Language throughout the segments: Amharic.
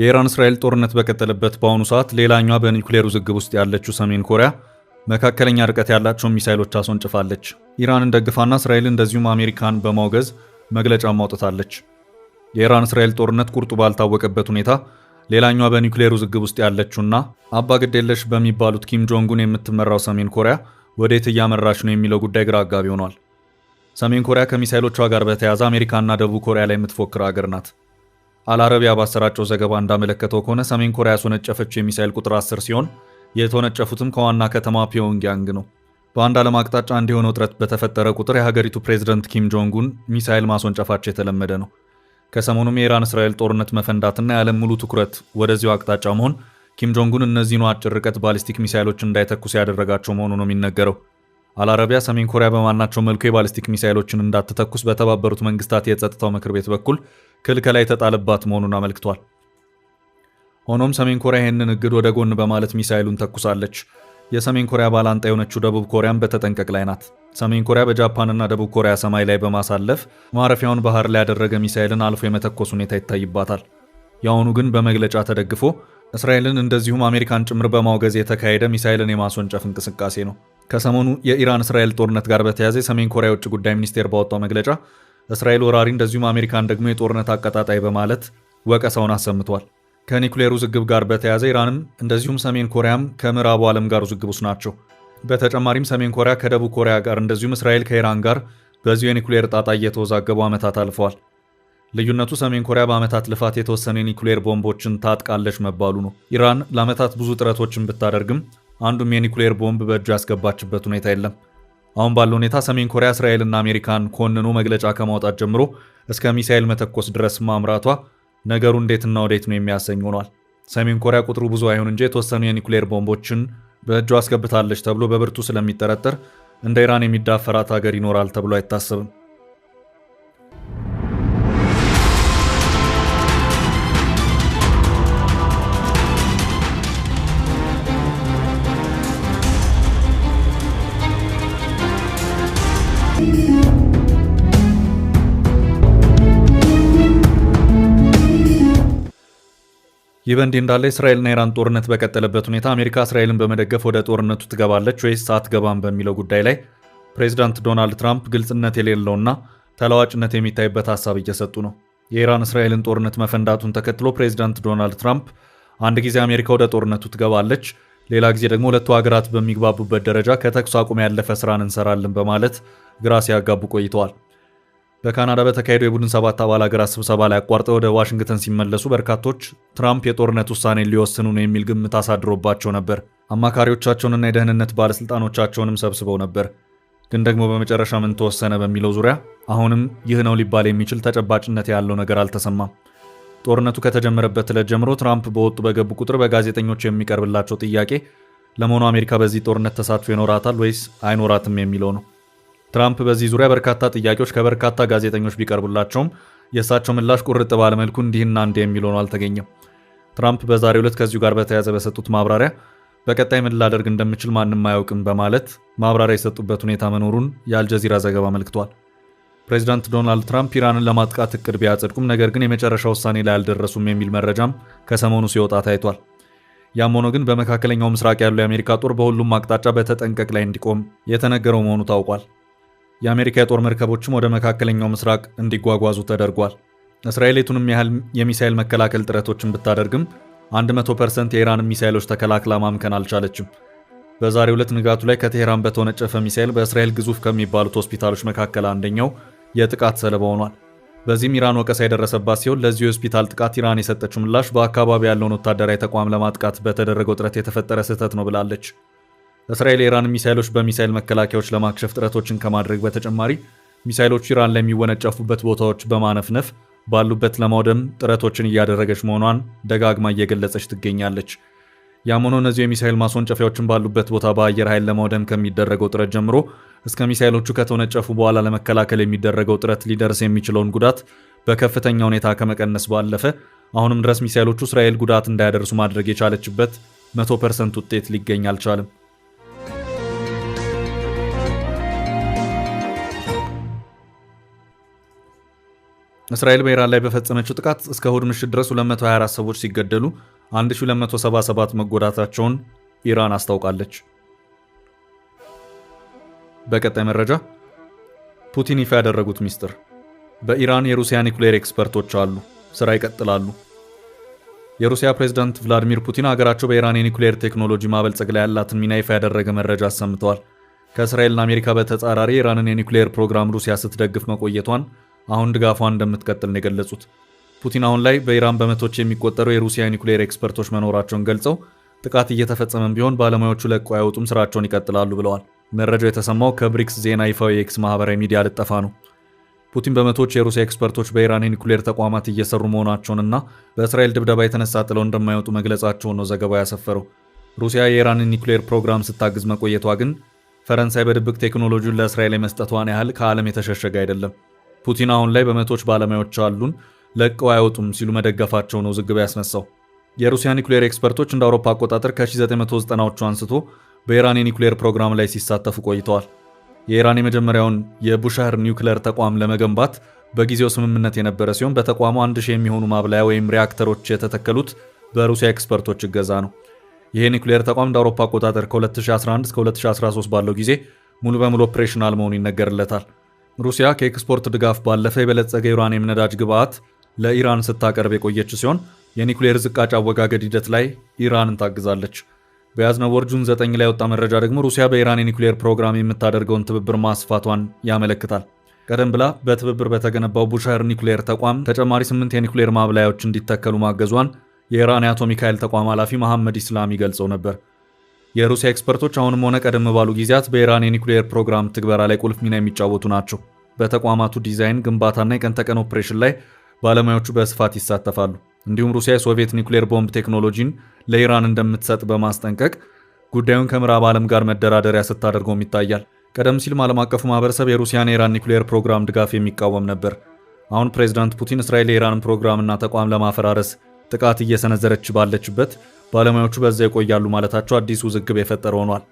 የኢራን እስራኤል ጦርነት በቀጠለበት በአሁኑ ሰዓት ሌላኛዋ በኒውክሌር ውዝግብ ውስጥ ያለችው ሰሜን ኮሪያ መካከለኛ ርቀት ያላቸውን ሚሳይሎች አስወንጭፋለች። ኢራንን ደግፋና እስራኤል እንደዚሁም አሜሪካን በማውገዝ መግለጫ ማውጥታለች። የኢራን እስራኤል ጦርነት ቁርጡ ባልታወቀበት ሁኔታ ሌላኛዋ በኒውክሌር ውዝግብ ውስጥ ያለችውና አባ ግዴለሽ በሚባሉት ኪም ጆንጉን የምትመራው ሰሜን ኮሪያ ወዴት እያመራች ነው የሚለው ጉዳይ ግራ አጋቢ ሆኗል። ሰሜን ኮሪያ ከሚሳይሎቿ ጋር በተያያዘ አሜሪካና ደቡብ ኮሪያ ላይ የምትፎክር አገር ናት። አልአረቢያ ባሰራጨው ዘገባ እንዳመለከተው ከሆነ ሰሜን ኮሪያ ያስወነጨፈችው የሚሳኤል ቁጥር 10 ሲሆን የተወነጨፉትም ከዋና ከተማ ፒዮንግያንግ ነው። በአንድ ዓለም አቅጣጫ አንድ የሆነ ውጥረት በተፈጠረ ቁጥር የሀገሪቱ ፕሬዝደንት ኪም ጆንግ ሚሳይል ሚሳኤል ማስወንጨፋቸው የተለመደ ነው። ከሰሞኑም የኢራን እስራኤል ጦርነት መፈንዳትና የዓለም ሙሉ ትኩረት ወደዚሁ አቅጣጫ መሆን ኪም ጆንግ እነዚህኑ አጭር ርቀት ባሊስቲክ ሚሳይሎች እንዳይተኩስ ያደረጋቸው መሆኑ ነው የሚነገረው። አልአረቢያ ሰሜን ኮሪያ በማናቸው መልኩ የባሊስቲክ ሚሳይሎችን እንዳትተኩስ በተባበሩት መንግስታት የጸጥታው ምክር ቤት በኩል ክልከላ የተጣለባት መሆኑን አመልክቷል። ሆኖም ሰሜን ኮሪያ ይህንን እግድ ወደ ጎን በማለት ሚሳይሉን ተኩሳለች። የሰሜን ኮሪያ ባላንጣ የሆነችው ደቡብ ኮሪያን በተጠንቀቅ ላይ ናት። ሰሜን ኮሪያ በጃፓንና ደቡብ ኮሪያ ሰማይ ላይ በማሳለፍ ማረፊያውን ባህር ላይ ያደረገ ሚሳይልን አልፎ የመተኮስ ሁኔታ ይታይባታል። የአሁኑ ግን በመግለጫ ተደግፎ እስራኤልን እንደዚሁም አሜሪካን ጭምር በማውገዝ የተካሄደ ሚሳይልን የማስወንጨፍ እንቅስቃሴ ነው። ከሰሞኑ የኢራን እስራኤል ጦርነት ጋር በተያያዘ የሰሜን ኮሪያ የውጭ ጉዳይ ሚኒስቴር ባወጣው መግለጫ እስራኤል ወራሪ እንደዚሁም አሜሪካን ደግሞ የጦርነት አቀጣጣይ በማለት ወቀሳውን አሰምቷል። ከኒውክሌር ውዝግብ ጋር በተያያዘ ኢራንም እንደዚሁም ሰሜን ኮሪያም ከምዕራቡ ዓለም ጋር ውዝግብ ውስጥ ናቸው። በተጨማሪም ሰሜን ኮሪያ ከደቡብ ኮሪያ ጋር እንደዚሁም እስራኤል ከኢራን ጋር በዚሁ የኒውክሌር ጣጣ እየተወዛገቡ ዓመታት አልፈዋል። ልዩነቱ ሰሜን ኮሪያ በዓመታት ልፋት የተወሰነ የኒውክሌር ቦምቦችን ታጥቃለች መባሉ ነው። ኢራን ለዓመታት ብዙ ጥረቶችን ብታደርግም አንዱም የኒውክሌር ቦምብ በእጁ ያስገባችበት ሁኔታ የለም። አሁን ባለው ሁኔታ ሰሜን ኮሪያ እስራኤልና አሜሪካን ኮንኖ መግለጫ ከማውጣት ጀምሮ እስከ ሚሳኤል መተኮስ ድረስ ማምራቷ ነገሩ እንዴትና ወዴት ነው የሚያሰኝ ሆኗል። ሰሜን ኮሪያ ቁጥሩ ብዙ አይሁን እንጂ የተወሰኑ የኒውክሌር ቦምቦችን በእጇ አስገብታለች ተብሎ በብርቱ ስለሚጠረጠር እንደ ኢራን የሚዳፈራት ሀገር ይኖራል ተብሎ አይታሰብም። ይህ በእንዲህ እንዳለ እስራኤልና ኢራን ጦርነት በቀጠለበት ሁኔታ አሜሪካ እስራኤልን በመደገፍ ወደ ጦርነቱ ትገባለች ወይስ አትገባም በሚለው ጉዳይ ላይ ፕሬዚዳንት ዶናልድ ትራምፕ ግልጽነት የሌለውና ተለዋጭነት የሚታይበት ሀሳብ እየሰጡ ነው። የኢራን እስራኤልን ጦርነት መፈንዳቱን ተከትሎ ፕሬዚዳንት ዶናልድ ትራምፕ አንድ ጊዜ አሜሪካ ወደ ጦርነቱ ትገባለች፣ ሌላ ጊዜ ደግሞ ሁለቱ ሀገራት በሚግባቡበት ደረጃ ከተኩስ አቁም ያለፈ ስራን እንሰራለን በማለት ግራ ሲያጋቡ ቆይተዋል። በካናዳ በተካሄደው የቡድን ሰባት አባል ሀገራት ስብሰባ ላይ አቋርጠው ወደ ዋሽንግተን ሲመለሱ በርካቶች ትራምፕ የጦርነት ውሳኔ ሊወስኑ ነው የሚል ግምት አሳድሮባቸው ነበር። አማካሪዎቻቸውንና የደህንነት ባለሥልጣኖቻቸውንም ሰብስበው ነበር። ግን ደግሞ በመጨረሻ ምን ተወሰነ በሚለው ዙሪያ አሁንም ይህ ነው ሊባል የሚችል ተጨባጭነት ያለው ነገር አልተሰማም። ጦርነቱ ከተጀመረበት ዕለት ጀምሮ ትራምፕ በወጡ በገቡ ቁጥር በጋዜጠኞች የሚቀርብላቸው ጥያቄ ለመሆኑ አሜሪካ በዚህ ጦርነት ተሳትፎ ይኖራታል ወይስ አይኖራትም የሚለው ነው። ትራምፕ በዚህ ዙሪያ በርካታ ጥያቄዎች ከበርካታ ጋዜጠኞች ቢቀርቡላቸውም የእሳቸው ምላሽ ቁርጥ ባለመልኩ እንዲህና እንዲህ የሚል ሆኖ አልተገኘም። ትራምፕ በዛሬው ዕለት ከዚሁ ጋር በተያያዘ በሰጡት ማብራሪያ በቀጣይ ምን ላደርግ እንደምችል ማንም አያውቅም በማለት ማብራሪያ የሰጡበት ሁኔታ መኖሩን የአልጀዚራ ዘገባ አመልክቷል። ፕሬዚዳንት ዶናልድ ትራምፕ ኢራንን ለማጥቃት እቅድ ቢያጸድቁም ነገር ግን የመጨረሻ ውሳኔ ላይ አልደረሱም የሚል መረጃም ከሰሞኑ ሲወጣ ታይቷል። ያም ሆኖ ግን በመካከለኛው ምስራቅ ያለው የአሜሪካ ጦር በሁሉም አቅጣጫ በተጠንቀቅ ላይ እንዲቆም የተነገረው መሆኑ ታውቋል። የአሜሪካ የጦር መርከቦችም ወደ መካከለኛው ምስራቅ እንዲጓጓዙ ተደርጓል። እስራኤል የቱንም ያህል የሚሳኤል መከላከል ጥረቶችን ብታደርግም 100 ፐርሰንት የኢራንን ሚሳኤሎች ተከላክላ ማምከን አልቻለችም። በዛሬው ዕለት ንጋቱ ላይ ከቴህራን በተወነጨፈ ሚሳኤል በእስራኤል ግዙፍ ከሚባሉት ሆስፒታሎች መካከል አንደኛው የጥቃት ሰለባ ሆኗል። በዚህም ኢራን ወቀሳ የደረሰባት ሲሆን ለዚህ የሆስፒታል ጥቃት ኢራን የሰጠችው ምላሽ በአካባቢ ያለውን ወታደራዊ ተቋም ለማጥቃት በተደረገው ጥረት የተፈጠረ ስህተት ነው ብላለች። እስራኤል የኢራን ሚሳይሎች በሚሳይል መከላከያዎች ለማክሸፍ ጥረቶችን ከማድረግ በተጨማሪ ሚሳይሎቹ ኢራን ለሚወነጨፉበት ቦታዎች በማነፍነፍ ባሉበት ለማውደም ጥረቶችን እያደረገች መሆኗን ደጋግማ እየገለጸች ትገኛለች። ያም ሆኖ እነዚሁ የሚሳይል ማስወንጨፊያዎችን ባሉበት ቦታ በአየር ኃይል ለማውደም ከሚደረገው ጥረት ጀምሮ እስከ ሚሳይሎቹ ከተወነጨፉ በኋላ ለመከላከል የሚደረገው ጥረት ሊደርስ የሚችለውን ጉዳት በከፍተኛ ሁኔታ ከመቀነስ ባለፈ አሁንም ድረስ ሚሳይሎቹ እስራኤል ጉዳት እንዳያደርሱ ማድረግ የቻለችበት መቶ ፐርሰንት ውጤት ሊገኝ አልቻለም። እስራኤል በኢራን ላይ በፈጸመችው ጥቃት እስከ እሁድ ምሽት ድረስ 224 ሰዎች ሲገደሉ 1277 መጎዳታቸውን ኢራን አስታውቃለች። በቀጣይ መረጃ ፑቲን ይፋ ያደረጉት ሚስጥር፣ በኢራን የሩሲያ ኒውክሌር ኤክስፐርቶች አሉ፣ ስራ ይቀጥላሉ። የሩሲያ ፕሬዝዳንት ቭላዲሚር ፑቲን ሀገራቸው በኢራን የኒውክሌር ቴክኖሎጂ ማበልጸግ ላይ ያላትን ሚና ይፋ ያደረገ መረጃ አሰምተዋል። ከእስራኤልና አሜሪካ በተጻራሪ የኢራንን የኒውክሌር ፕሮግራም ሩሲያ ስትደግፍ መቆየቷን አሁን ድጋፏን እንደምትቀጥል ነው የገለጹት። ፑቲን አሁን ላይ በኢራን በመቶች የሚቆጠሩ የሩሲያ ኒውክሌር ኤክስፐርቶች መኖራቸውን ገልጸው ጥቃት እየተፈጸመም ቢሆን ባለሙያዎቹ ለቀው አይወጡም፣ ስራቸውን ይቀጥላሉ ብለዋል። መረጃው የተሰማው ከብሪክስ ዜና ይፋዊ የኤክስ ማህበራዊ ሚዲያ ልጠፋ ነው። ፑቲን በመቶች የሩሲያ ኤክስፐርቶች በኢራን የኒውክሌር ተቋማት እየሰሩ መሆናቸውንና በእስራኤል ድብደባ የተነሳ ጥለው እንደማይወጡ መግለጻቸውን ነው ዘገባው ያሰፈረው። ሩሲያ የኢራንን ኒኩሌር ፕሮግራም ስታግዝ መቆየቷ ግን ፈረንሳይ በድብቅ ቴክኖሎጂውን ለእስራኤል የመስጠቷን ያህል ከዓለም የተሸሸገ አይደለም። ፑቲን አሁን ላይ በመቶች ባለሙያዎች አሉን፣ ለቀው አይወጡም ሲሉ መደገፋቸው ነው ውዝግብ ያስነሳው። የሩሲያ ኒኩሌር ኤክስፐርቶች እንደ አውሮፓ አቆጣጠር ከ1990ዎቹ አንስቶ በኢራን የኒኩሌር ፕሮግራም ላይ ሲሳተፉ ቆይተዋል። የኢራን የመጀመሪያውን የቡሻህር ኒውክለር ተቋም ለመገንባት በጊዜው ስምምነት የነበረ ሲሆን በተቋሙ አንድ የሚሆኑ ማብላያ ወይም ሪያክተሮች የተተከሉት በሩሲያ ኤክስፐርቶች እገዛ ነው። ይሄ ኒኩሌር ተቋም እንደ አውሮፓ አቆጣጠር ከ2011 እስከ 2013 ባለው ጊዜ ሙሉ በሙሉ ኦፕሬሽናል መሆኑ ይነገርለታል። ሩሲያ ከኤክስፖርት ድጋፍ ባለፈ የበለጸገ የዩራኒየም ነዳጅ ግብዓት ለኢራን ስታቀርብ የቆየች ሲሆን የኒውክሌር ዝቃጭ አወጋገድ ሂደት ላይ ኢራንን ታግዛለች። በያዝነው ወር ጁን 9 ላይ ወጣ መረጃ ደግሞ ሩሲያ በኢራን የኒውክሌር ፕሮግራም የምታደርገውን ትብብር ማስፋቷን ያመለክታል። ቀደም ብላ በትብብር በተገነባው ቡሻር ኒውክሌር ተቋም ተጨማሪ ስምንት የኒውክሌር ማብላያዎች እንዲተከሉ ማገዟን የኢራን የአቶሚክ ኃይል ተቋም ኃላፊ መሐመድ ኢስላሚ ገልጸው ነበር። የሩሲያ ኤክስፐርቶች አሁንም ሆነ ቀደም ባሉ ጊዜያት በኢራን የኒውክሌር ፕሮግራም ትግበራ ላይ ቁልፍ ሚና የሚጫወቱ ናቸው። በተቋማቱ ዲዛይን፣ ግንባታና የቀን ተቀን ኦፕሬሽን ላይ ባለሙያዎቹ በስፋት ይሳተፋሉ። እንዲሁም ሩሲያ የሶቪየት ኒውክሌር ቦምብ ቴክኖሎጂን ለኢራን እንደምትሰጥ በማስጠንቀቅ ጉዳዩን ከምዕራብ ዓለም ጋር መደራደሪያ ስታደርገውም ይታያል። ቀደም ሲልም ዓለም አቀፉ ማህበረሰብ የሩሲያን የኢራን ኒውክሌር ፕሮግራም ድጋፍ የሚቃወም ነበር። አሁን ፕሬዚዳንት ፑቲን እስራኤል የኢራንን ፕሮግራምና ተቋም ለማፈራረስ ጥቃት እየሰነዘረች ባለችበት ባለሙያዎቹ በዛ ይቆያሉ ማለታቸው አዲስ ውዝግብ የፈጠረ ሆኗል።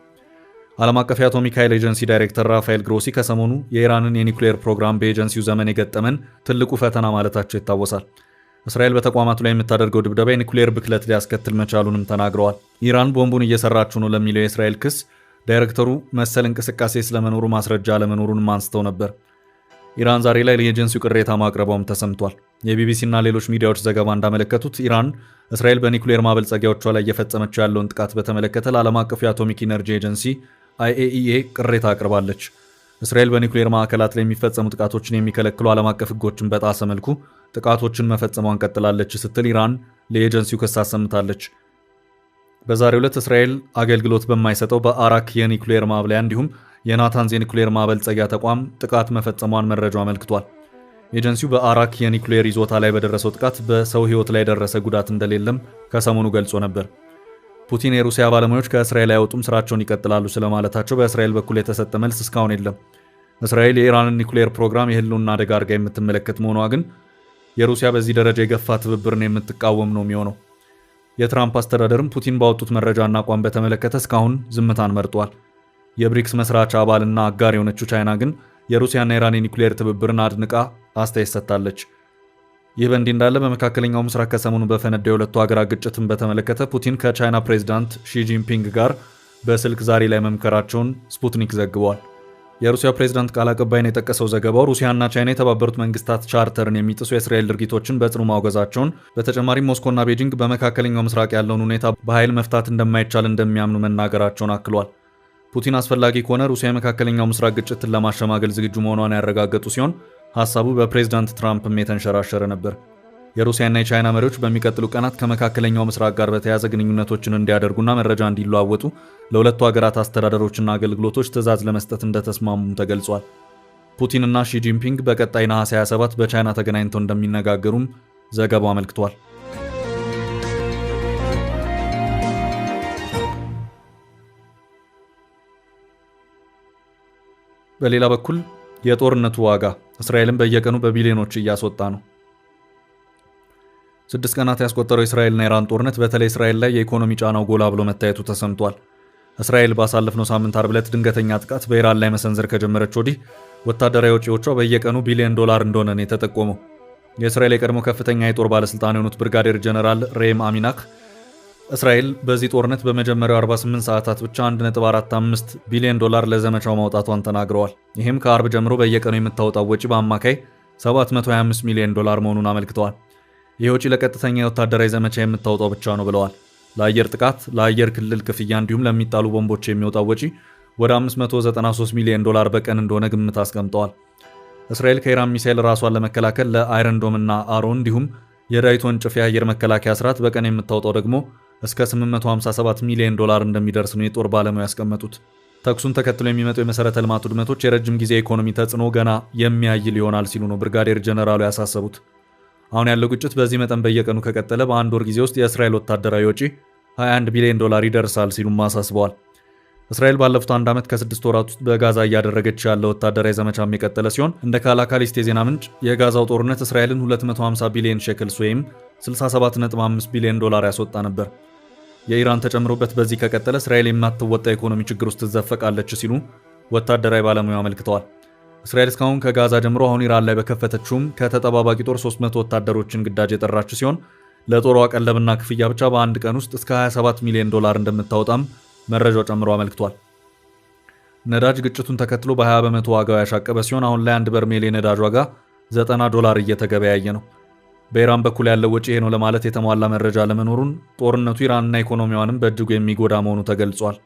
ዓለም አቀፍ የአቶሚክ ኃይል ኤጀንሲ ዳይሬክተር ራፋኤል ግሮሲ ከሰሞኑ የኢራንን የኒውክሌር ፕሮግራም በኤጀንሲው ዘመን የገጠመን ትልቁ ፈተና ማለታቸው ይታወሳል። እስራኤል በተቋማቱ ላይ የምታደርገው ድብደባ የኒውክሌር ብክለት ሊያስከትል መቻሉንም ተናግረዋል። ኢራን ቦምቡን እየሰራችው ነው ለሚለው የእስራኤል ክስ ዳይሬክተሩ መሰል እንቅስቃሴ ስለመኖሩ ማስረጃ አለመኖሩንም አንስተው ነበር። ኢራን ዛሬ ላይ ለኤጀንሲው ቅሬታ ማቅረቧም ተሰምቷል። የቢቢሲና ሌሎች ሚዲያዎች ዘገባ እንዳመለከቱት ኢራን እስራኤል በኒኩሌር ማበልጸጊያዎቿ ላይ እየፈጸመችው ያለውን ጥቃት በተመለከተ ለዓለም አቀፉ የአቶሚክ ኢነርጂ ኤጀንሲ አይኤኢኤ ቅሬታ አቅርባለች። እስራኤል በኒኩሌር ማዕከላት ላይ የሚፈጸሙ ጥቃቶችን የሚከለክሉ ዓለም አቀፍ ሕጎችን በጣሰ መልኩ ጥቃቶችን መፈጸሟን ቀጥላለች ስትል ኢራን ለኤጀንሲው ክስ አሰምታለች። በዛሬው ዕለት እስራኤል አገልግሎት በማይሰጠው በአራክ የኒኩሌር ማብለያ እንዲሁም የናታንዝ የኒኩሌር ማበልጸጊያ ተቋም ጥቃት መፈጸሟን መረጃው አመልክቷል። ኤጀንሲው በአራክ የኒኩሌር ይዞታ ላይ በደረሰው ጥቃት በሰው ሕይወት ላይ የደረሰ ጉዳት እንደሌለም ከሰሞኑ ገልጾ ነበር። ፑቲን የሩሲያ ባለሙያዎች ከእስራኤል አይወጡም፣ ስራቸውን ይቀጥላሉ ስለማለታቸው በእስራኤል በኩል የተሰጠ መልስ እስካሁን የለም። እስራኤል የኢራንን ኒኩሌር ፕሮግራም የህልውና አደጋ አድርጋ የምትመለከት መሆኗ ግን የሩሲያ በዚህ ደረጃ የገፋ ትብብርን የምትቃወም ነው የሚሆነው። የትራምፕ አስተዳደርም ፑቲን ባወጡት መረጃና አቋም በተመለከተ እስካሁን ዝምታን መርጧል። የብሪክስ መስራች አባልና አጋር የሆነችው ቻይና ግን የሩሲያና ኢራን የኒውክሌር ትብብርን አድንቃ አስተያየት ሰጥታለች። ይህ በእንዲህ እንዳለ በመካከለኛው ምስራቅ ከሰሞኑ በፈነዳ የሁለቱ ሀገራት ግጭትን በተመለከተ ፑቲን ከቻይና ፕሬዚዳንት ሺጂንፒንግ ጋር በስልክ ዛሬ ላይ መምከራቸውን ስፑትኒክ ዘግቧል። የሩሲያው ፕሬዝዳንት ቃል አቀባይን የጠቀሰው ዘገባው ሩሲያና ቻይና የተባበሩት መንግስታት ቻርተርን የሚጥሱ የእስራኤል ድርጊቶችን በጽኑ ማውገዛቸውን፣ በተጨማሪም ሞስኮና ቤጂንግ በመካከለኛው ምስራቅ ያለውን ሁኔታ በኃይል መፍታት እንደማይቻል እንደሚያምኑ መናገራቸውን አክሏል። ፑቲን አስፈላጊ ከሆነ ሩሲያ የመካከለኛው ምስራቅ ግጭትን ለማሸማገል ዝግጁ መሆኗን ያረጋገጡ ሲሆን ሀሳቡ በፕሬዝዳንት ትራምፕም የተንሸራሸረ ነበር። የሩሲያና የቻይና መሪዎች በሚቀጥሉ ቀናት ከመካከለኛው ምስራቅ ጋር በተያያዘ ግንኙነቶችን እንዲያደርጉና መረጃ እንዲለዋወጡ ለሁለቱ ሀገራት አስተዳደሮችና አገልግሎቶች ትዕዛዝ ለመስጠት እንደተስማሙም ተገልጿል። ፑቲንና ሺጂንፒንግ በቀጣይ ነሐሴ 27 በቻይና ተገናኝተው እንደሚነጋገሩም ዘገባው አመልክቷል። በሌላ በኩል የጦርነቱ ዋጋ እስራኤልን በየቀኑ በቢሊዮኖች እያስወጣ ነው። ስድስት ቀናት ያስቆጠረው የእስራኤልና ኢራን ጦርነት በተለይ እስራኤል ላይ የኢኮኖሚ ጫናው ጎላ ብሎ መታየቱ ተሰምቷል። እስራኤል ባሳለፍነው ሳምንት አርብ ዕለት ድንገተኛ ጥቃት በኢራን ላይ መሰንዘር ከጀመረች ወዲህ ወታደራዊ ወጪዎቿ በየቀኑ ቢሊዮን ዶላር እንደሆነ ነው የተጠቆመው። የእስራኤል የቀድሞ ከፍተኛ የጦር ባለስልጣን የሆኑት ብርጋዴር ጀነራል ሬም አሚናክ እስራኤል በዚህ ጦርነት በመጀመሪያው 48 ሰዓታት ብቻ 1.45 ቢሊዮን ዶላር ለዘመቻው ማውጣቷን ተናግረዋል። ይህም ከአርብ ጀምሮ በየቀኑ የምታወጣው ወጪ በአማካይ 725 ሚሊዮን ዶላር መሆኑን አመልክተዋል። ይህ ወጪ ለቀጥተኛ የወታደራዊ ዘመቻ የምታወጣው ብቻ ነው ብለዋል። ለአየር ጥቃት፣ ለአየር ክልል ክፍያ እንዲሁም ለሚጣሉ ቦምቦች የሚወጣው ወጪ ወደ 593 ሚሊዮን ዶላር በቀን እንደሆነ ግምት አስቀምጠዋል። እስራኤል ከኢራን ሚሳይል ራሷን ለመከላከል ለአይረንዶም እና አሮ እንዲሁም የዳዊት ወንጭፍ የአየር መከላከያ ስርዓት በቀን የምታወጣው ደግሞ እስከ 857 ሚሊዮን ዶላር እንደሚደርስ ነው የጦር ባለሙያ ያስቀመጡት። ተኩሱን ተከትሎ የሚመጡ የመሠረተ ልማት ውድመቶች የረጅም ጊዜ ኢኮኖሚ ተጽዕኖ ገና የሚያይል ይሆናል ሲሉ ነው ብርጋዴር ጀነራሉ ያሳሰቡት። አሁን ያለው ግጭት በዚህ መጠን በየቀኑ ከቀጠለ በአንድ ወር ጊዜ ውስጥ የእስራኤል ወታደራዊ ወጪ 21 ቢሊዮን ዶላር ይደርሳል ሲሉም አሳስበዋል። እስራኤል ባለፉት አንድ ዓመት ከስድስት ወራት ውስጥ በጋዛ እያደረገች ያለው ወታደራዊ ዘመቻም የቀጠለ ሲሆን እንደ ካላካሊስት የዜና ምንጭ የጋዛው ጦርነት እስራኤልን 250 ቢሊዮን ሼክልስ ወይም 67.5 ቢሊዮን ዶላር ያስወጣ ነበር። የኢራን ተጨምሮበት በዚህ ከቀጠለ እስራኤል የማትወጣ የኢኮኖሚ ችግር ውስጥ ትዘፈቃለች ሲሉ ወታደራዊ ባለሙያው አመልክተዋል። እስራኤል እስካሁን ከጋዛ ጀምሮ አሁን ኢራን ላይ በከፈተችውም ከተጠባባቂ ጦር 300 ወታደሮችን ግዳጅ የጠራች ሲሆን ለጦሯ ቀለብና ክፍያ ብቻ በአንድ ቀን ውስጥ እስከ 27 ሚሊዮን ዶላር እንደምታወጣም መረጃው ጨምሮ አመልክቷል። ነዳጅ ግጭቱን ተከትሎ በ20 በመቶ ዋጋው ያሻቀበ ሲሆን አሁን ላይ አንድ በርሜል የነዳጅ ዋጋ 90 ዶላር እየተገበያየ ነው። በኢራን በኩል ያለው ወጪ ይሄ ነው ለማለት የተሟላ መረጃ ለመኖሩን ጦርነቱ ኢራንና ኢኮኖሚዋንም በእጅጉ የሚጎዳ መሆኑ ተገልጿል።